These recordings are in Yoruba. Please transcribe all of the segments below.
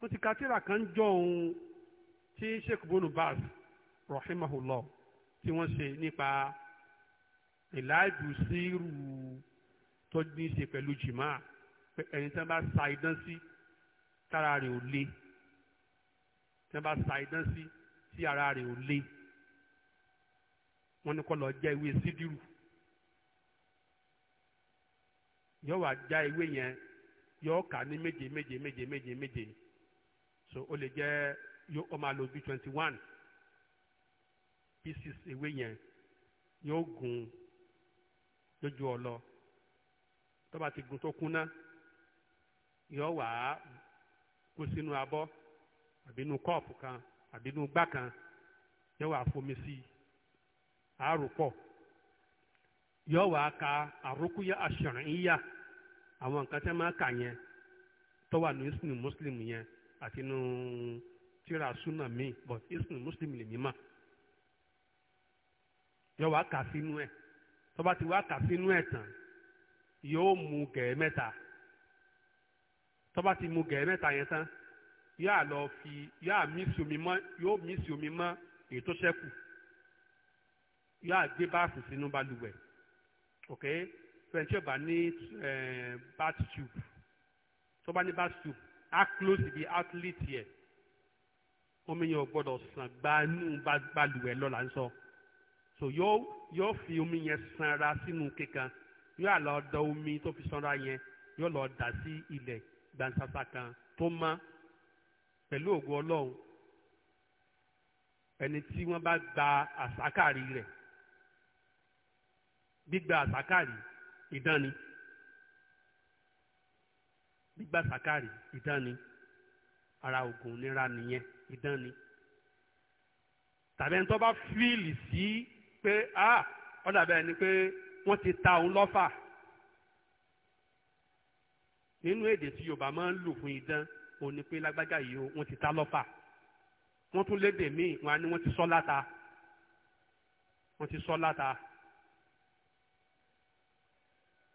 mo ti ka tírà kan jọ òun tí sheikh bonu baz rahimahullah tí wọ́n ṣe nípa ìlàjú sírù tó ní í ṣe pẹ̀lú jìmá ẹni tí wọ́n bá sa idán sí tára rẹ̀ ò le tí wọ́n bá sa idán sí tí ara rẹ̀ ò le wọ́n ní kó lọ já ewé sídìrù yóò wá já ewé yẹn yóò kà ní méje méje méje méje méje. méje so ó lè jẹ́ yóò ó máa lo twenty one pieces ewé yẹn yoo gun lójú ọlọ tó bá ti gùn tó kúnná yóò wà á kó sínú abọ́ àbí inú kọ́ọ̀pù kan àbí inú gbá kan yóò wà á fomi sí i àárò pọ̀ yóò wà á ka àrókúyà àṣàrìnyà àwọn nǹkan tẹ́ máa kà yẹn tó wà ní Muslim yẹn. àti inú tíra súnà míì but islam muslim lè mímà yóò wá kà sínú ẹ̀ tó bá ti wá kà sínú ẹ̀ tán yóò mú gẹ̀ẹ́ mẹ́ta tó bá ti mú gẹ̀ẹ́ mẹ́ta yẹn tán yóò lọ fi yóò mísì omi mọ́ yóò mísì omi mọ́ èyí tó ṣẹ́kù yóò gbé báàfù sínú balùwẹ̀ ok fẹ̀ǹtì ọba ní eh, bath tube tó bá ní bath tube á close ibi outlet yẹ omi yẹn ò gbọ́dọ̀ sàn gbanú balùwẹ̀ lọ là ń sọ so yóò yóò fi omi yẹn sanra sínú kíkan yóò àlọ́ da omi tó fi sanra yẹn yóò lọ dà sí ilẹ̀ gbansasa kan tó mọ́ pẹ̀lú ògo ọlọ́run ẹni tí wọ́n bá gba àsákàrí rẹ̀ gbígba àsákàrí ìdán gbígba sàkárì idán ni ara oògùn ìnira nìyẹn idán ni tàbí ẹni tó bá fíìlì sí pé a ó dàbí ẹni pé wọ́n ti ta òun lọ́fà nínú èdè tí Yorùbá máa ń lò fún idán òun ni pé lágbájá yìí o wọ́n ti ta lọ́fà wọ́n tún lédè míì wọ́n á ní wọ́n ti sọ láta wọ́n ti sọ láta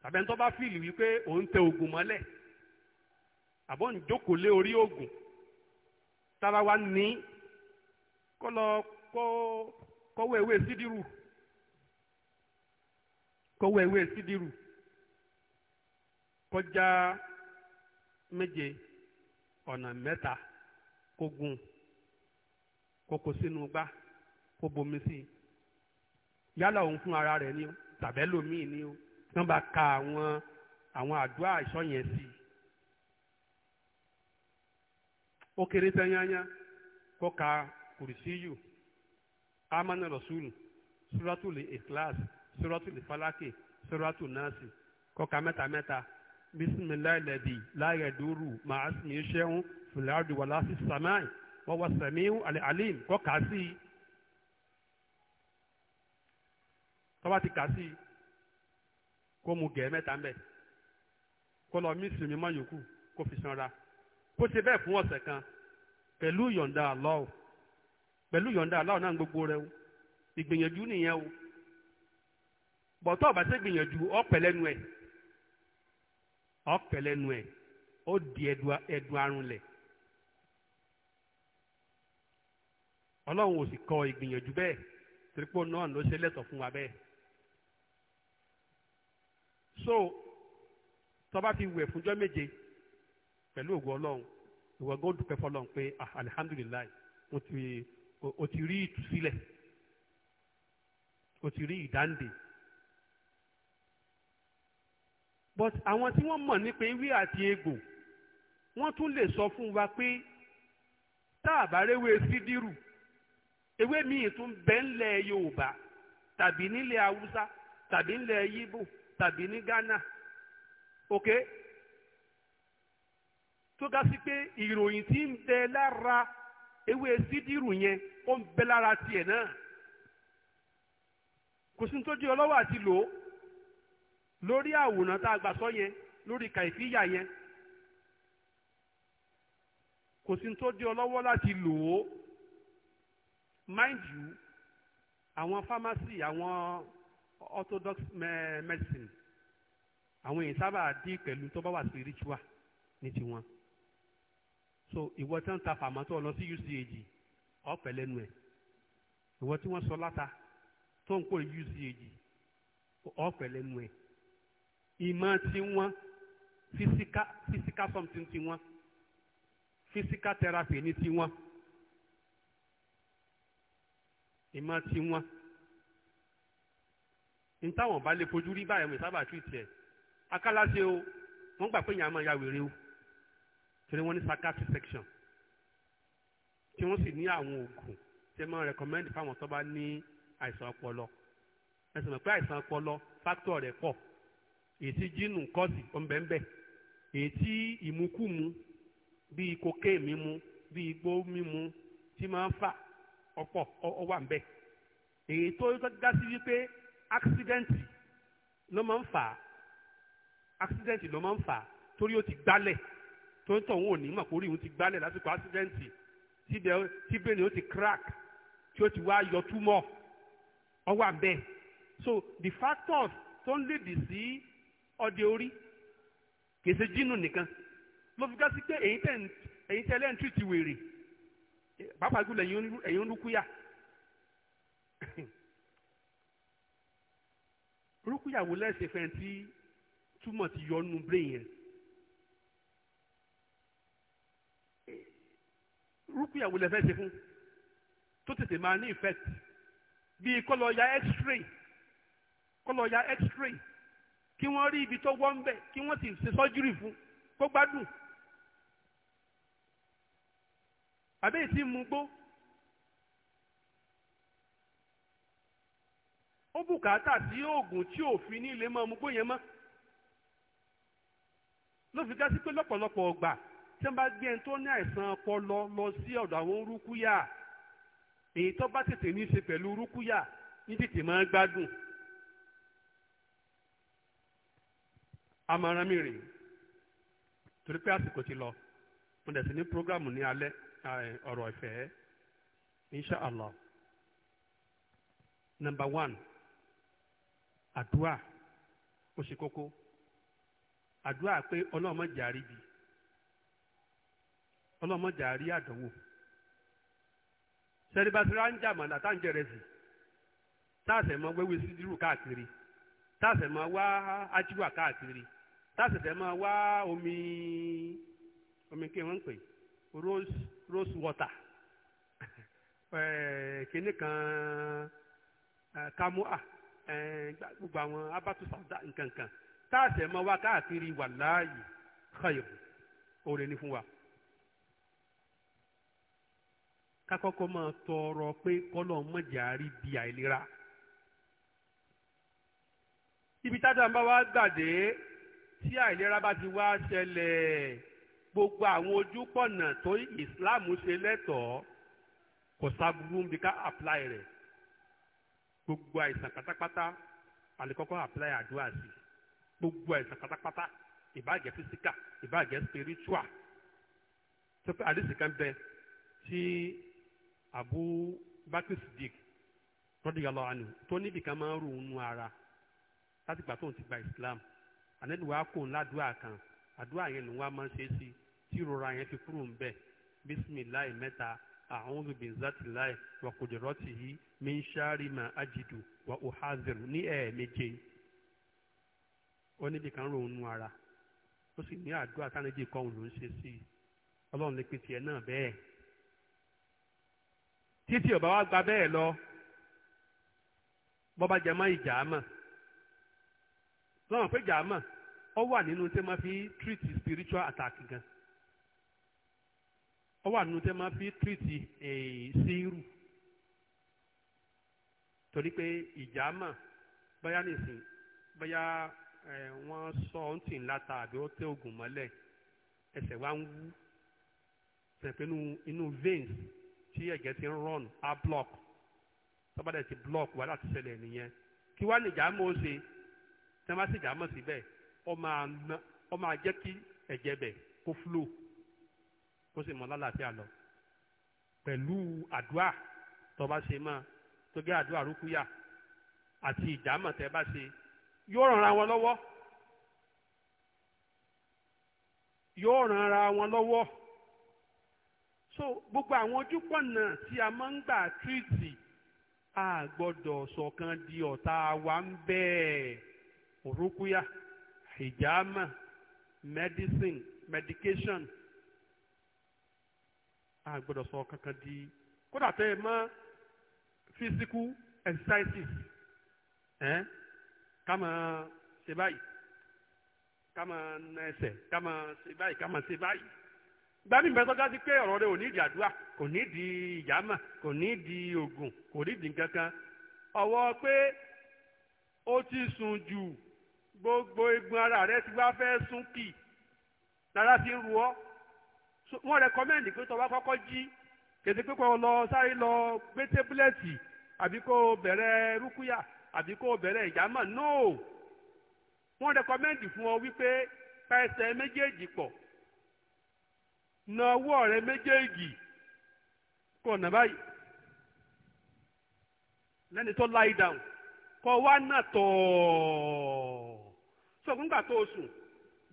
tàbí ẹni tó bá fíìlì wípé òun tẹ oògùn mọ́lẹ̀ àbọ̀ ń jókòó lé orí oògùn tára wa ní kó lọ kó kọ́wọ́ ewé sídìrú kọ́wọ́ ewé sídìrú kọjá méje ọ̀nà mẹ́ta kó gún kó sínú gbá kó bomi sí i yálà òun fún ara rẹ̀ ni o ni o wọ́n bá ka àwọn àwọn àdúrà ìṣọ́ sí i ó kéré tán yányá kó ka kùrìsíyù amánà rọ̀ṣúlù sùràtùlì ìkíláàsì sùràtùlì fálákì sùràtù náàsì kó ka mẹ́ta mẹ́ta bisimilayi lẹ́bi láyé dúró màá sì ní sẹ́wọ̀n fìlàdù wàlá sí sàmáì wọ́n wá sàmíhù àlìm kó kà ti kà á mu gẹ̀ẹ́ mẹ́ta ń bẹ̀ kó mi mọ́ yòókù kó fi sanra kó ṣe bẹ́ẹ̀ fún ọ̀sẹ̀ kan pẹ̀lú ìyọ̀ǹda Allah o pẹ̀lú ìyọ̀ǹda Allah náà gbogbo rẹ o ìgbìyànjú nìyẹn o bọ̀tọ̀ ọ̀bà ṣe gbìyànjú ọ̀pẹ̀ lẹ́nu ẹ̀ ọ̀pẹ̀ lẹ́nu ẹ̀ ó di ẹ̀dùn àrùn lẹ̀ ọlọ́run ò sì kọ ìgbìyànjú bẹ́ẹ̀ tìrìpọ̀ náà ló ṣe lẹ́tọ̀ fún wa bẹ́ẹ̀ so tọ́ba ti wẹ̀ fúnjọ́ méje pẹ̀lú ògo ọlọ́run ìwọ gbọ́dọ̀ dúpẹ́ fọlọ́run pé ah, alihamdulilayi o ti o ti rí ìtúsílẹ̀ o ti rí ìdáǹdè but àwọn tí wọ́n mọ̀ nípa ewé àti egbò wọ́n tún lè sọ fún wa pé tá a bá réwé sídìrù ewé míì tún bẹ́ ńlẹ̀ Yorùbá tàbí nílẹ̀ Haúsá tàbí nílẹ̀ Yíbò tàbí ní Ghana ok tó ga sí pé ìròyìn tí ń bẹ lára ewé sídìrú yẹn ó ń bẹ lára tiẹ̀ náà kò sí ní tó ọlọ́wọ́ àti lò ó lórí àwòrán tá a gbà sọ yẹn lórí kàìfíyà yẹn kò sí ní tó di ọlọ́wọ́ láti lò ó mind you àwọn pharmacy àwọn orthodox medicine àwọn èyí sábà dín pẹ̀lú tó bá wà spiritual ní tiwọn so ìwọ tí wọ́n ta fàmọ́tò lọ sí UCAG ọ̀pẹ lẹ́nu ẹ̀ ìwọ tí wọ́n sọ láta tó ń pò UCAG ọ̀pẹ lẹ́nu ẹ̀ ìmọ̀ tí wọ́n physical physical something tí wọ́n physical therapy ní tí wọ́n ìmọ̀ tí wọ́n ní táwọn bá lè fojú rí báyìí ọmọ ìsábà tù tiẹ̀ akálàṣe o wọ́n gbà pé ìyá máa ya wèrè o torí wọ́n ní psychiatry section tí wọ́n sì ní àwọn oògùn tí ẹ máa recommend fáwọn tó bá ní àìsàn ọpọlọ ẹ sì mọ̀ pé àìsàn ọpọlọ factor rẹ̀ pọ̀ èyí tí jínù kọ́ọ̀sì ọ̀nbẹ̀ńbẹ̀ èyí tí ìmukúmu bíi kokéè mímu bíi igbó mímu tí máa ń fà ọ̀pọ̀ ọwà ń bẹ̀ èyí tó gá sí wípé accidenti ló máa ń fà accidenti ló máa ń fà torí ó ti gbálẹ̀ tó ń tọ̀ òun ò ní mọ̀ kórìí òun ti gbálẹ̀ lásìkò ásídẹ́ǹtì síbẹ̀ tí ó ti crack tí ó ti wá yọ túmọ̀ ọwọ́ àbẹ́ so the factors tó ń lèdì sí ọdẹ orí kìí ṣe jínù nìkan ló fi ká sí pé èyí tẹ̀ èyí tẹ̀ lẹ́ǹtì ti wèrè pàápàá jùlọ ẹ̀yìn olúkúyà olúkúyà wo lẹ́sẹ̀ fẹ́ tí túmọ̀ ti yọ nínú brain yẹn rúkúyà wo lẹ fẹ́ ṣe fún tó tètè máa ní effect bíi kó ya x-ray kó ya x-ray kí wọ́n rí ibi tó wọ́ ń bẹ̀ kí wọ́n sì ṣe sọ́júrì fún kó gbádùn. àbẹ́yìí tí mu gbó ó bùkátà sí oògùn tí òfin ní ilé mọ́ mu gbó yẹn mọ́ ló fi dá sí pé lọ́pọ̀lọpọ̀ ọgbà tí wọ́n bá gbé ẹni tó ní àìsàn ọpọlọ lọ sí ọ̀dọ̀ àwọn rúkúyà èyí tó bá tètè ní í ṣe pẹ̀lú rúkúyà ní tètè máa ń gbádùn. àmọ̀ràn mi rèé torí pé àsìkò ti lọ mo dẹ̀ sí ní prógrámù ní alẹ́ ọ̀rọ̀ ìfẹ́ inshàlá number one Adua ó ṣe kókó àdúrà pé ọlọ́run má jẹ́ ọlọ́mọdé àrí àdánwò sẹ́ríbáṣírá ń jàmọ̀ látàǹjẹ́ rẹ̀ sí táàsẹ̀ mọ wẹ́wẹ́ sídìrú káàkiri táàsẹ̀ mọ wá ajíwà káàkiri táàsẹ̀ mọ wá omi omi kí wọ́n ń pè rose rose water eh, kínní kan eh, kamua eh, gbogbo àwọn abatusa nkankan táàsẹ̀ mọ wá káàkiri wàláyé khair oore ni fún wa. kakọ́kọ́ máa tọrọ pé kọ́lọ̀ mọ̀jàrí di àìlera. ibi tájà ń bá wá gbàdé tí àìlera bá ti wá ṣẹlẹ̀ gbogbo àwọn ojúpọ̀nà tó ìsìláàmù ṣe lẹ́tọ̀ọ́ kò sábúrú ń bi ká apply rẹ̀ gbogbo àìsàn pátápátá àlekọ́kọ́ apply àdúrà sí gbogbo àìsàn pátápátá ìbàjẹ́ physical ìbàjẹ́ spiritual tó pé àdìsí kan bẹ tí Abu Bakr Siddiq radiyallahu anhu tó níbi kan máa ń rò ń ara láti gbà tóun ti gba Islam ànẹ́bí wa kò ń ládùúà kan àdúrà yẹn ló wá máa ń ṣe é sí tí ìrora yẹn fi kúrò ń bẹ̀ bísímìláì mẹ́ta a'udhu bizzatillahi wa qudratihi min sharri ma ajidu wa uhadhiru ní ẹ̀ẹ̀méje ó níbi kan rò ń ara ó sì ní àdúrà tánìjì kọ́hún ló ń ṣe sí ọlọ́run lè pèsè ẹ̀ náà bẹ́ẹ̀. títí ọba wa gba bẹ́ẹ̀ lọ bọ́ba jẹ mọ́ ìjà mọ̀ lọ́wọ́n pé ìjà mọ̀ ọ wà nínú tẹ́ máa fi treat spiritual attack gan ọ wà nínú tẹ́ máa fi treat síírù torí pé ìjà mọ̀ bóyá nìsín bóyá wọ́n sọ ọ́n tì ńlá ta àbí ó tẹ́ ògùn mọ́lẹ̀ ẹsẹ̀ wa ń wú sẹ̀pẹ́nu inú veins tí ẹ̀jẹ̀ ti ń rọ̀nù á block tọ́bàdẹ̀ ti block wà láti ṣẹlẹ̀ nìyẹn kí wàá nìjà mọ̀ ó ṣe tí wọ́n bá sì jà mọ̀ síbẹ̀ ó máa jẹ́ kí ẹ̀jẹ̀ bẹ̀ kó flow kó sì mọ́ lálàáfíà lọ pẹ̀lú àdúrà tọ́ba ṣe mọ́ tó gé àdúrà rúkúyà àti ìjàmọ̀ tẹ́ bá ṣe yóò ràn ra wọn lọ́wọ́ yóò ràn ra wọn lọ́wọ́ so gbogbo àwọn ojúpọ̀nà tí a máa ń gbà tírìtì a gbọ́dọ̀ sọ̀kan di ọ̀tá wa ń bẹ́ẹ̀ òrókúyà hijama medicine medication a gbọ́dọ̀ sọ kankan di kódà tẹ́ ẹ mọ́ physical exercises ẹ̀ ká máa ṣe báyìí ká máa na ẹsẹ̀ ká ṣe báyìí ká ṣe báyìí gbani bẹ sọjá sí pé ọ̀rọ̀ rẹ ò ní ìdí àdúrà kò ní ìdí ìyámà kò ní ìdí ògùn kò ní ìdí kankan ọwọ́ pé ó ti sùn jù gbogbo egun ara rẹ ti wá fẹ́ sún kì lára ti ń ru ọ́ wọ́n rẹkọmẹ́ndì pé tọ́wọ́ kọ́kọ́ jí kètè pé kò lọ sáré lọ gbé tébúlẹ̀tì àbí kò bẹ̀rẹ̀ rúkúyà àbí kò bẹ̀rẹ̀ ìyámà no wọ́n rẹkọmẹ́ndì fún ọ wípé pẹ̀sẹ̀ méjèèjì pọ̀ nọwọ ọwọ́ rẹ méjèèjì kò nà báyìí lẹ́ni tó láì dáhùn kọ wá náà tọ̀ so nígbà tó o sùn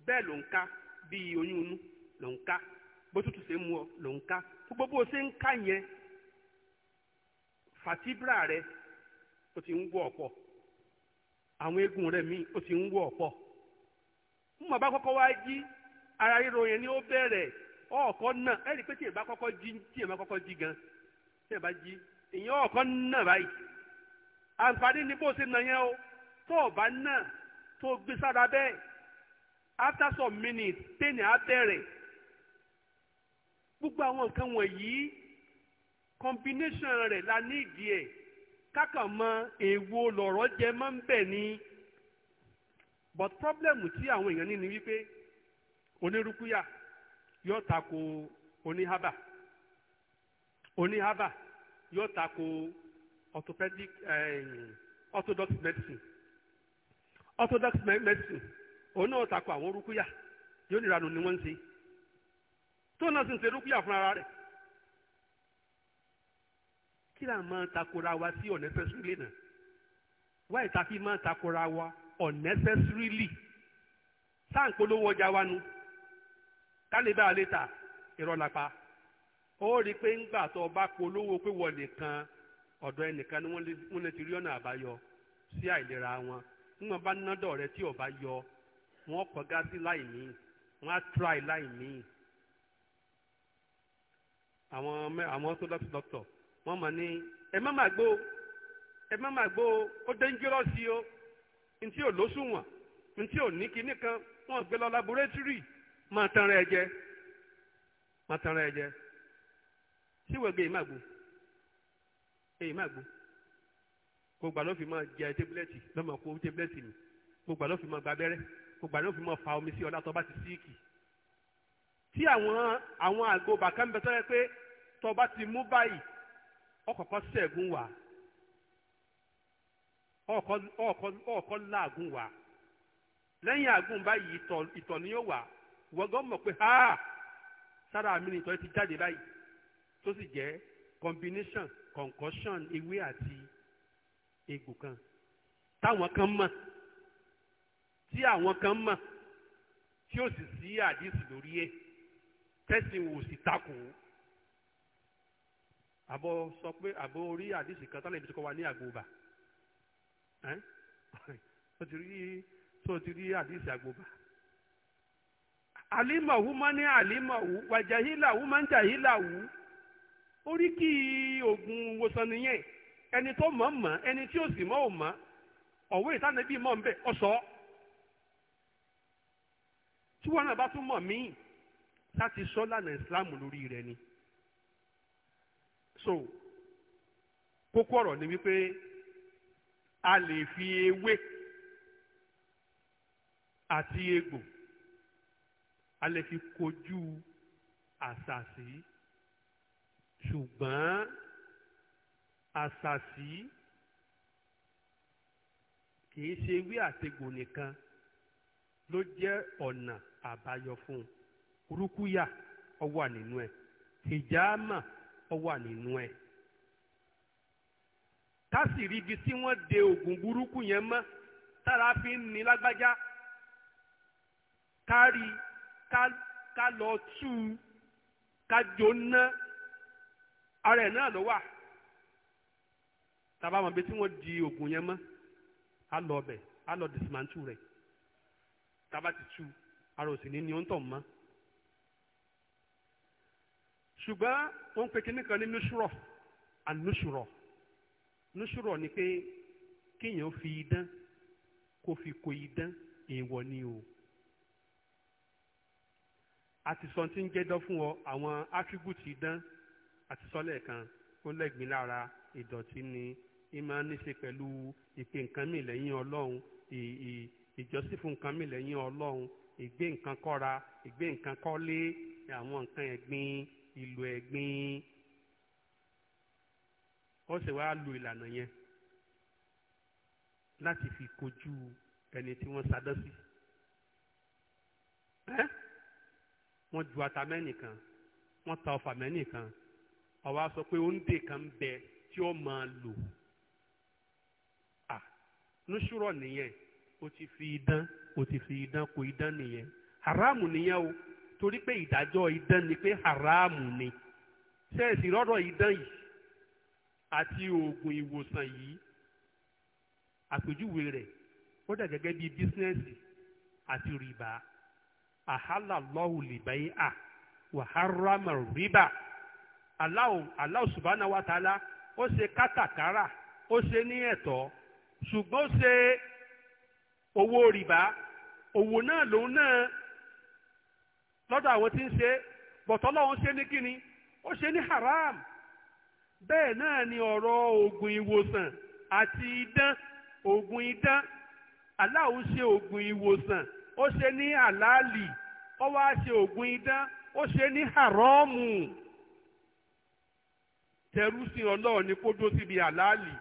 bẹ́ẹ̀ ló ń ká bíi oyún inú ló ń ká bó tútù ṣe mú ọ ló ń ká gbogbo ṣe ń ká yẹn fatibra rẹ o ti ń wọ ọ̀pọ̀ àwọn eegun rẹ o ti ń wọ ọ̀pọ̀ mo bá wá jí ara ríro yẹn ni ó bẹ̀rẹ̀ ọ̀ọ́kọ́ náà ẹ̀rí pé tí èèyàn bá kọ́kọ́ jí tí èèyàn bá kọ́kọ́ jí gan tí èèyàn bá jí èèyàn ọ̀ọ́kọ́ náà báyìí àǹfààní ni bó ṣe nà o tó o bá náà tó o gbé sára bẹ́ẹ̀ after some minutes tẹ́ni á bẹ̀rẹ̀ gbogbo àwọn nǹkan wọ̀nyí combination rẹ̀ la ní ìdí ẹ̀ kákan mọ èèwo lọ̀rọ̀ jẹ máa ń bẹ̀ ni but problem tí àwọn èèyàn ní ni wípé onírúkúyà yóò tako oníhábà oníhábà yóò tako orthopedic eh, orthodox medicine orthodox medicine òun náà tako àwọn yóò ni wọ́n ń ṣe tó náà sì ń fún ara rẹ̀ kí là máa takora wa sí unnecessarily náà wáyé ta fi máa takora wa unnecessarily sáà ń polówó ọjà wa nu. kálíbà létà ìrọ̀lápá ó rí i pé ńgbà tó o bá polówó pé wọ́n kan ọ̀dọ̀ ẹnìkan ni wọ́n lè ti rí ọ̀nà àbáyọ sí àìlera wọn níwọ̀n bá nádọ̀ rẹ tí o yọ wọ́n kọjá sí láì míì wọ́n á láì àwọn àwọn tó dọ́tọ̀ wọ́n mọ̀ ní ẹ má má gbó ẹ o ntí ò lóṣùwọ̀n ntí ò máa tán rẹ jẹ máa tán rẹ jẹ síwèé gbé èyí máa gbó èyí máa gbó gbogbo àlọ́ fi máa jẹ tébúlẹ́tì lọ́mọ kó tébúlẹ́tì mi gbogbo àlọ́ fi máa gba abẹ́rẹ́ gbogbo àlọ́ fi máa fa omi sí ọlá tó bá ti síìkì tí àwọn àwọn àgbo bàkà ń bẹ sọ́yẹ́ pé tó bá ti mú báyìí ọkọ̀ọ̀kọ̀ sẹ́ẹ̀gùn wà ọkọ̀ ọkọ̀ ọkọ̀ láàgùn wà lẹ́yìn àgùn báyìí ìtọ̀ ìtọ̀ ni yóò wà ìwọ gan mọ̀ pé ha sára mi nìtọ́ ti jáde báyìí tó sì jẹ́ combination concussion ewé àti egbò kan táwọn kan mọ̀ tí àwọn kan mọ̀ tí ó sì sí àdìsí lórí ẹ̀ tẹ́sìn wò sí takò àbọ̀ sọ pé àbọ̀ orí àdìsí kan tálẹ̀ ibi tó kọ́ wa ní àgbòbà ó ti rí tó ti rí àdìsí àgbòbà àlímọ̀wú mọ́ ní àlímọ̀wú wàjàhílàwú mọ́ ń jàhílàwú oríkì oògùn ìwòsàn nìyẹn ẹni tó mọ̀ mọ̀ ẹni tí ó sì mọ̀ ò mọ̀ ọ̀wé ìtànẹ́bí mọ̀ ń bẹ̀ ọ̀sọ́ tí wọn náà bá tún mọ̀ míì láti sọ lànà ìsìláàmù lórí rẹ ni so kókó ọ̀rọ̀ ni wípé a lè fi ewé àti egbò a lè fi kojú àṣàṣì ṣùgbọ́n àṣàṣì kìí ṣe wí àtegbò nìkan ló jẹ́ ọ̀nà àbáyọ fún un rúkúyà ó wà nínú ẹ̀ hijama ó nínú ẹ̀ kásìrí ibi tí wọ́n de oògùn burúkú yẹn mọ́ tára fi ń ni lágbájá kárí ká lọ tú u ká jóná ara ẹ̀ náà ló wà tàbá mọ̀ bí tí wọ́n di oògùn yẹn mọ́ á lọ ọbẹ̀ á lọ dìsímántù rẹ̀ tàbá ti tú ara òsì ní ni ó ń tọ̀ mọ́ ṣùgbọ́n wọ́n ń pe kinní kan ní nusurọ̀ anusurọ̀ nusurọ̀ ni pé kéèyàn fi idán kó fi kó idán èèwọ̀ ni o àti sọ tí ń jẹ́dán fún ọ àwọn attribute idán àti sọ lẹ́ẹ̀kan ó lẹ́gbìn lára ìdọ̀tí ni ìmọ̀ ní ṣe pẹ̀lú ìpè nǹkan mi lẹ́yìn ọlọ́run ìjọsìn fún nǹkan mi lẹ́yìn ọlọ́run ìgbé nǹkan kọ́ra ìgbé nǹkan kọ́lé àwọn nǹkan ẹ̀gbin ìlò ẹ̀gbin ó sì wá lo ìlànà yẹn láti fi kojú ẹni tí wọ́n sadán sí wọ́n ju ata mẹ́nìkan wọ́n ta ọfà mẹ́nìkan ọwọ́ a sọ pé oúnjẹ kan ń bẹ tí ó máa lò à nùsùrọ̀ nìyẹn o ti fi idán o ti fi idán kò idán nìyẹn haramu nìyẹn o torí pé ìdájọ́ idán ni pé haramu ni sẹ́ẹ̀sì rọ́rọ̀ idán yìí àti oògùn ìwòsàn yìí àpèjúwe rẹ̀ ó dà gẹ́gẹ́ bí bísínẹ́sì àti rìbá. àhálà lọ́hùn lìbẹ́yì à wàháràmà rìbà Allah subhanahu wa ta'ala ó ṣe kátàkárà ó ṣe ní ẹ̀tọ́ ṣùgbọ́n ó ṣe owó rìbá òwò náà lòun náà lọ́dọ̀ àwọn tí ń ṣe bọ̀tọ́ lọ́hùn ṣe ní kíni ó ṣe ní haram bẹ́ẹ̀ náà ni ọ̀rọ̀ oògùn ìwòsàn àti idán oògùn idán Allah ṣe oògùn ìwòsàn ó ṣe ní àlàálì ó wá ṣe ògùn idán ó ṣe ní haramu tẹ̀rú sí ọlọ́run ni kó dó síbi àlàálì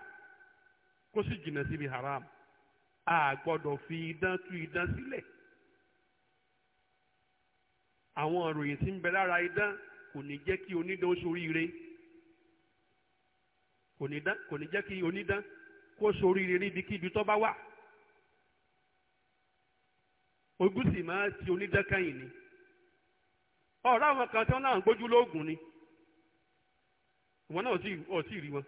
kó sì jìnnà síbi haram a gbọ́dọ̀ fi idán tú idán sílẹ̀ àwọn ìròyìn tí ń bẹ lára idán kò ní jẹ́ kí onídán ṣoríire kò ní jẹ́ kí onídán kó ṣoríire níbikíbi tó bá wà ogún sì máa ti onídẹ́kẹ́yìn ni ọ̀rọ̀ àwọn kan tí wọ́n náà ń gbójú lóògùn ni wọn náà ọtí rí wọn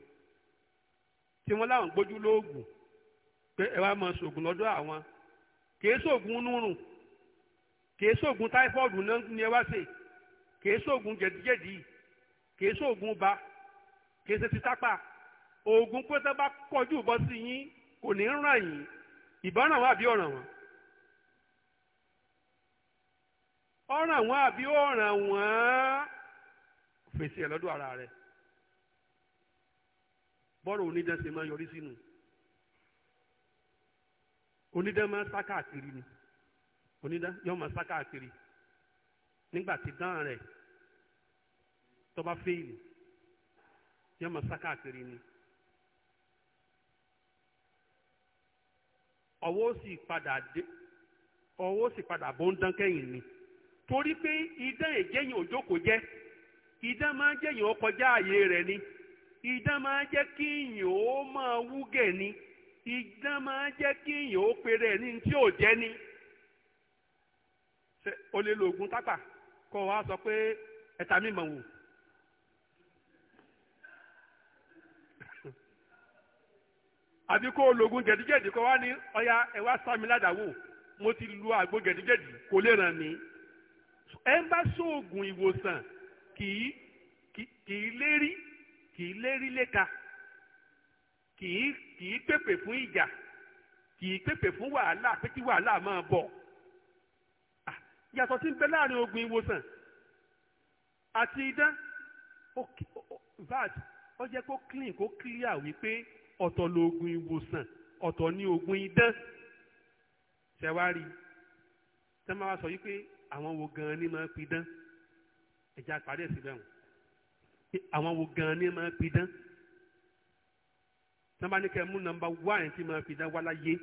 tí wọ́n láwọn gbójú lóògùn pé ẹ wá máa ṣògùn lọ́dọ̀ àwọn kìí ṣògùn nùrùn kìí ṣògùn táífọ́ọ̀dù ni ẹ wá ṣe kìí ṣògùn jẹ̀díjẹ̀dí kìí ṣògùn ba kìí ṣe ti tápà oògùn pé tẹ́ bá kọjú bọ́ sí yín kò ní ràn yín ìbọn ràn wọ́n àbí ọ̀ràn wọ́n ọ̀ràn wọn àbí ọ̀ràn wọn fèsì ẹ̀ lọ́dọ̀ ara rẹ̀ bọ́rọ̀ onídán ṣe máa yọrí sínú onídán máa ń saka ni onídán yóò máa sá nígbà tí dán rẹ̀ tó bá fẹ́ẹ̀lì máa ni. ọwọ́ sì padà dé ọwọ́ sì padà bó ń ni. torí pé idán èjẹyìn òjókòó jẹ idán máa ń jẹyìn ó ààyè rẹ ni idán máa ń jẹ kí yìnyín ó máa wúgẹ ni idán máa ń jẹ kí yìnyín ó péré ní tí ò jẹ ni. o lè lo oògùn tápà sọ pé ẹ̀ta mi mọ̀ wò. àbí kó o lo oògùn kó o wá ní ọya ẹ̀ wá mi ládàá wò mo ti lu àgbo ẹ bá ṣoògùn ìwòsàn kì í kì í lérí kì í lérí léka kì í kì í pèpè fún ìjà kì í pèpè fún wàhálà pé kí wàhálà máa bọ̀ yàtọ̀ sí ń bẹ láàrin oògùn ìwòsàn àti idán vat ó jẹ́ kó clean kó clear wípé ọ̀tọ̀ lóògùn ìwòsàn ọ̀tọ̀ ni oògùn idán ṣẹ̀wá rí tẹ́ máa wá sọ yìí pé àwọn wo gan ni máa pidán ẹ̀já parí ẹ̀ síbẹ̀ wọn àwọn wo gan ni máa pidán nọ́mbà ní kẹ́ mú nọ́mbà wáìn tí máa pidán wá láyé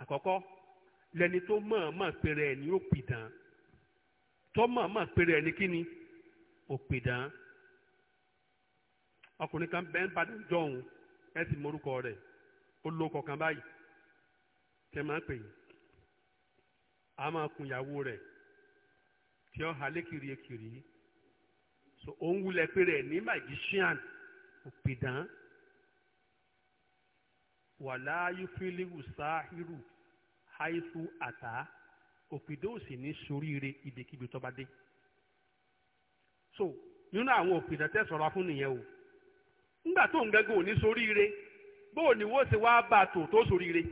àkọ́kọ́ lẹni tó mọ̀ọ́mọ̀ péré ẹ̀ ní ó pidán tó mọ̀ọ́mọ̀ péré ẹ̀ ní kíni ó pidán ọkùnrin kan bẹ́ẹ̀ ń Ìbàdàn jọ̀hún ẹ sì mọ orúkọ rẹ̀ ó lóko kan báyìí tẹ̀ máa pè yín a máa kun ìyàwó rẹ̀ tí ó halẹ́ kiri ekiri so òun wulẹ̀ pé rẹ̀ ní magician òpìdán wàlá yúfílíwù sáhírù haifu àtá òpìdán ò ní soríire ibikíbi tó dé so nínú àwọn òpìdán tẹ́ sọ̀rọ̀ fún nìyẹn o nígbà tó ń gẹ́gẹ́ òní soríire bóò ni wọ́n ti wá bá a tò tó soríire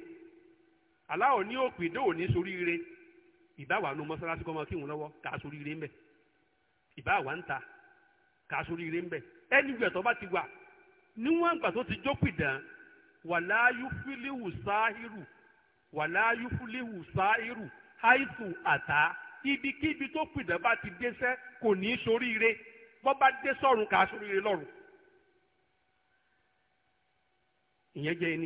aláwọ̀ ní òpìdán òní soríire. ìbáwá nu mọ́sálásí kọ́ ọmọ kírun lọ́wọ́ kà á sórí ire ń bẹ̀ ìbáwá ń ta kà á sórí ire ń bẹ̀ ẹni tó bá ti wà níwọ̀n ìgbà tó ti jókòó ìdán wàláyú fílíwù sáírù wàláyú fílíwù sáírù háìsù àtá ibikíbi tó pìdán bá ti dẹ́sẹ́ kò ní í ire bọ́ bá dé sọ́run kà á ire ìyẹn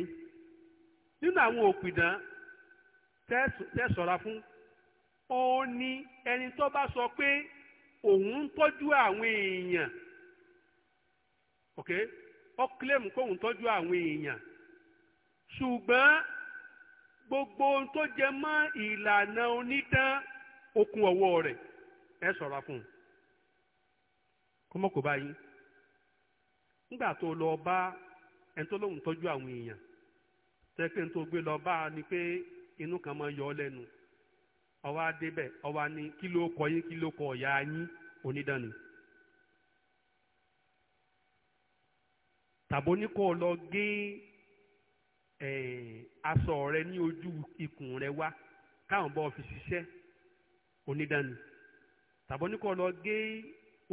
ó ni ẹni tó bá sọ pé òun ń tọ́jú àwọn èèyàn ok ó kílẹ̀mù pé òun tọ́jú àwọn èèyàn ṣùgbọ́n gbogbo ohun tó jẹ mọ́ ìlànà onídán okun ẹ fún un nígbà tó lọ bá ẹni tó lóun tọ́jú àwọn èèyàn tẹ́ pé ní tó gbé lọ bá ọwọ́ adébẹ̀ ọwọ́ ni kí ló kọ yín kí ló kọ ọ̀yà yín onídàáni. tàbó ní kó o lọ gé aṣọ rẹ ní ojú ikùn rẹ wá káwọn bọ́ fi ṣiṣẹ́ onídàáni tàbó ní kó o lọ gé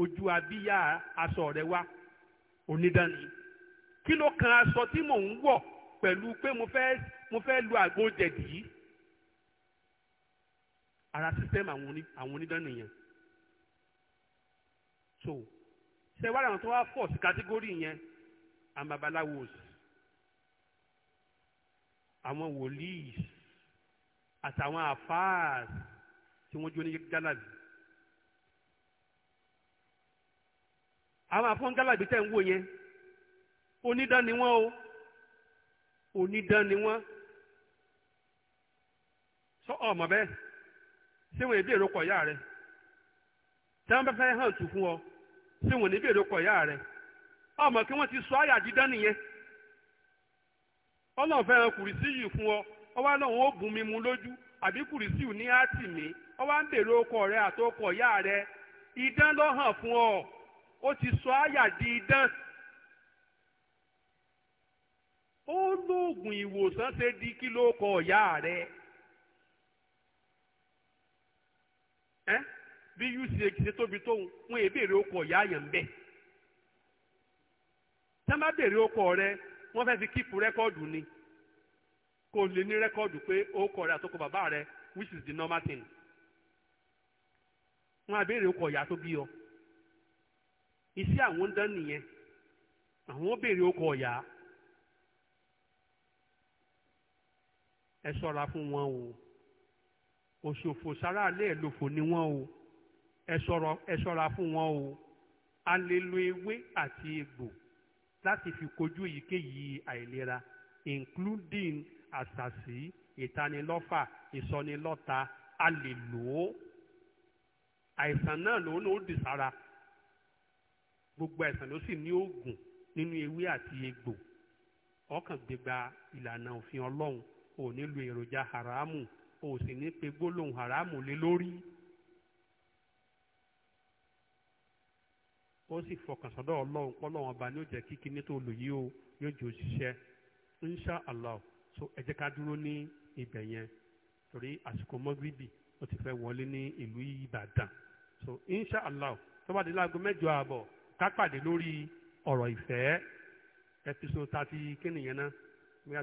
ojú abíyá aṣọ rẹ wá onídàáni kí ló kan aṣọ tí mò ń wọ̀ pẹ̀lú pé mo fẹ́ mo fẹ́ lu àgbo jẹ̀dì yìí ara sísẹ́mù àwọn onídánù yẹn so ṣe wá àwọn tó wá pọ̀ sí kátígórì yẹn àwọn babaláwo àwọn wòlíì àtàwọn àfáàs tí wọ́n jó ní gálàbì àwọn àfọ́n gálàbì tẹ̀ ń wò yẹn onídán ni wọ́n o onídán ni wọ́n sọ ọmọ bẹ́ẹ̀. ṣé wọn ìbéèrè ọkọ ya rẹ tí wọn fún ọ ṣé wọn ìbéèrè ọkọ ìyá rẹ ọmọ kí wọn ti sọ àyà dídán nìyẹn Ọlọ́run fẹ́ hàn kùrìsì yìí fún ọ ọwọ́ lọ́hùn ó bùn mi mu lójú mi ọwọ́ ń béèrè ọkọ rẹ rẹ idán ló hàn fún ọ ti ẹ́ bí uca ṣe tóbi tóun wọn èbèrè ọkọ ìyá àyàn bẹ́ẹ̀ tá má bèrè ọkọ rẹ wọ́n fẹ́ fi kíìpù rẹ́kọ́ọ̀dù ni kò lè ní rẹ́kọ́ọ̀dù pé ọkọ rẹ àtọkọ bàbá rẹ which is the normal thing wọ́n á bèrè tó bí ọ iṣẹ́ àwọn ń dán nìyẹn àwọn ó bèrè ọkọ ìyá ẹ fún wọn o. òṣòfò sáráàlẹ́ ẹ̀ lòfò ni wọ́n o ẹ ṣọ́ra fún wọn o a lè lo ewé àti egbò láti fi kojú èyíkéyìí àìlera including àṣàṣì ìtanilọ́fà ìsọnilọ́ta a lè lò ó àìsàn náà lòun ló dì sára gbogbo àìsàn ló sì ní oògùn nínú ewé àti egbò ọkàn gbégbá ìlànà òfin ọlọ́run ò ní lo èròjà haramu ò sì ní pe gbólóhùn haramu lé lórí ó sì fọkàn sọ́dọ̀ ọlọ́run pọ́lọ́run ọba ní ó jẹ́ kí kíní tó lò yìí ó yóò jò ṣiṣẹ́ insha allah so ẹ jẹ́ ká dúró ní ibẹ̀ yẹn torí àsìkò mọ́gíríbì ó ti fẹ́ wọlé ní ìlú ìbàdàn so insha allah tó bá di láago mẹ́jọ ààbọ̀ ká pàdé lórí ọ̀rọ̀ ìfẹ́ ẹpisọ tati kí nìyẹn náà